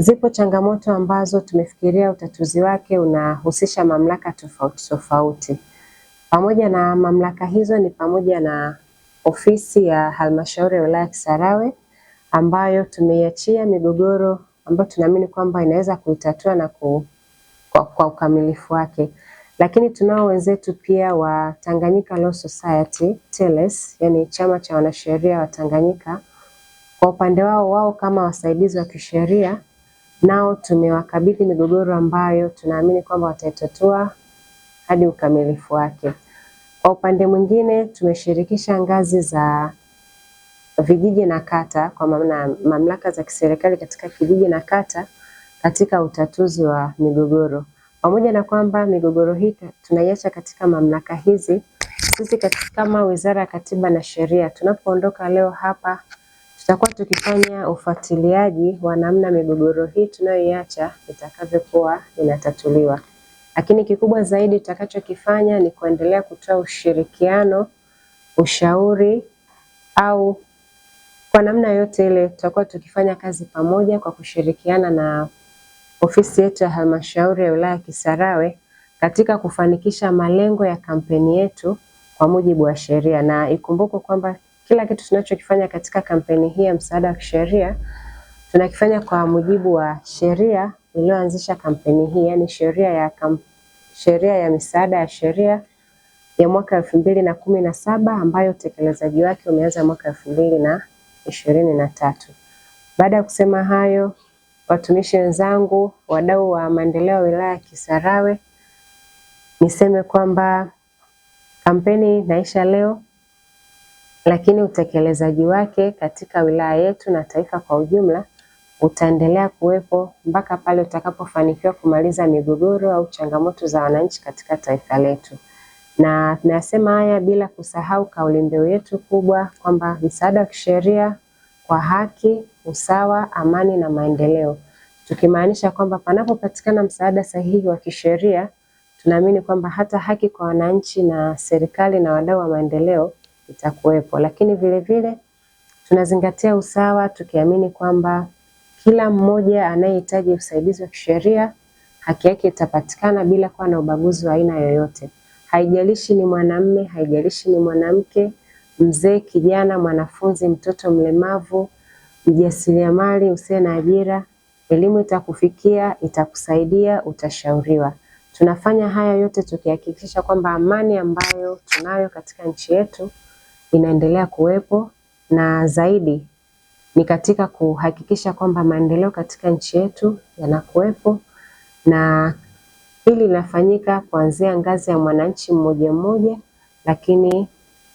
Zipo changamoto ambazo tumefikiria utatuzi wake unahusisha mamlaka tofauti tofauti. Pamoja na mamlaka hizo ni pamoja na ofisi ya halmashauri ya wilaya ya Kisarawe ambayo tumeiachia migogoro ambayo tunaamini kwamba inaweza kuitatua na ku, kwa, kwa ukamilifu wake, lakini tunao wenzetu pia wa Tanganyika Law Society TELES, yani chama cha wanasheria wa Tanganyika. Kwa upande wao wao kama wasaidizi wa kisheria nao tumewakabidhi migogoro ambayo tunaamini kwamba wataitatua hadi ukamilifu wake. Kwa upande mwingine, tumeshirikisha ngazi za vijiji na kata kwa maana mamlaka za kiserikali katika kijiji na kata katika utatuzi wa migogoro. Pamoja na kwamba migogoro hii tunaiacha katika mamlaka hizi, sisi kama Wizara ya Katiba na Sheria tunapoondoka leo hapa tutakuwa tukifanya ufuatiliaji wa namna migogoro hii tunayoiacha itakavyokuwa inatatuliwa. Lakini kikubwa zaidi tutakachokifanya ni kuendelea kutoa ushirikiano, ushauri au kwa namna yote ile tutakuwa tukifanya kazi pamoja kwa kushirikiana na ofisi yetu ya halmashauri ya wilaya Kisarawe katika kufanikisha malengo ya kampeni yetu kwa mujibu wa sheria, na ikumbukwe kwamba kila kitu tunachokifanya katika kampeni hii ya msaada wa kisheria tunakifanya kwa mujibu wa sheria iliyoanzisha kampeni hii, yani sheria ya kam... sheria ya misaada ya sheria ya mwaka elfu mbili na kumi na saba ambayo utekelezaji wake umeanza mwaka elfu mbili na ishirini na tatu. Baada ya kusema hayo, watumishi wenzangu, wadau wa maendeleo ya wilaya ya Kisarawe, niseme kwamba kampeni inaisha leo lakini utekelezaji wake katika wilaya yetu na taifa kwa ujumla utaendelea kuwepo mpaka pale utakapofanikiwa kumaliza migogoro au changamoto za wananchi katika taifa letu. Na tunayasema haya bila kusahau kauli mbiu yetu kubwa kwamba msaada wa kisheria kwa haki, usawa, amani na maendeleo, tukimaanisha kwamba panapopatikana msaada sahihi wa kisheria, tunaamini kwamba hata haki kwa wananchi na serikali na wadau wa maendeleo itakuwepo, lakini vilevile tunazingatia usawa, tukiamini kwamba kila mmoja anayehitaji usaidizi wa kisheria haki yake itapatikana bila kuwa na ubaguzi wa aina yoyote, haijalishi ni mwanamme, haijalishi ni mwanamke, mzee, kijana, mwanafunzi, mtoto mlemavu, mjasiriamali, usiye na ajira, elimu itakufikia, itakusaidia, utashauriwa. Tunafanya haya yote tukihakikisha kwamba amani ambayo tunayo katika nchi yetu inaendelea kuwepo na zaidi ni katika kuhakikisha kwamba maendeleo katika nchi yetu yanakuwepo, na hili linafanyika kuanzia ngazi ya mwananchi mmoja mmoja, lakini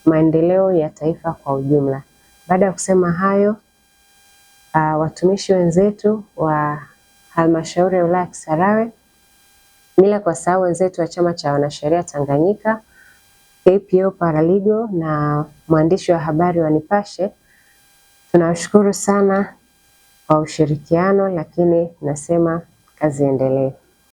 maendeleo ya taifa kwa ujumla. Baada ya kusema hayo, uh, watumishi wenzetu wa halmashauri ya wilaya ya Kisarawe bila sahau wenzetu wa chama cha wanasheria Tanganyika APO Paralegal na mwandishi wa habari wa Nipashe. Tunawashukuru sana kwa ushirikiano, lakini nasema kazi endelee.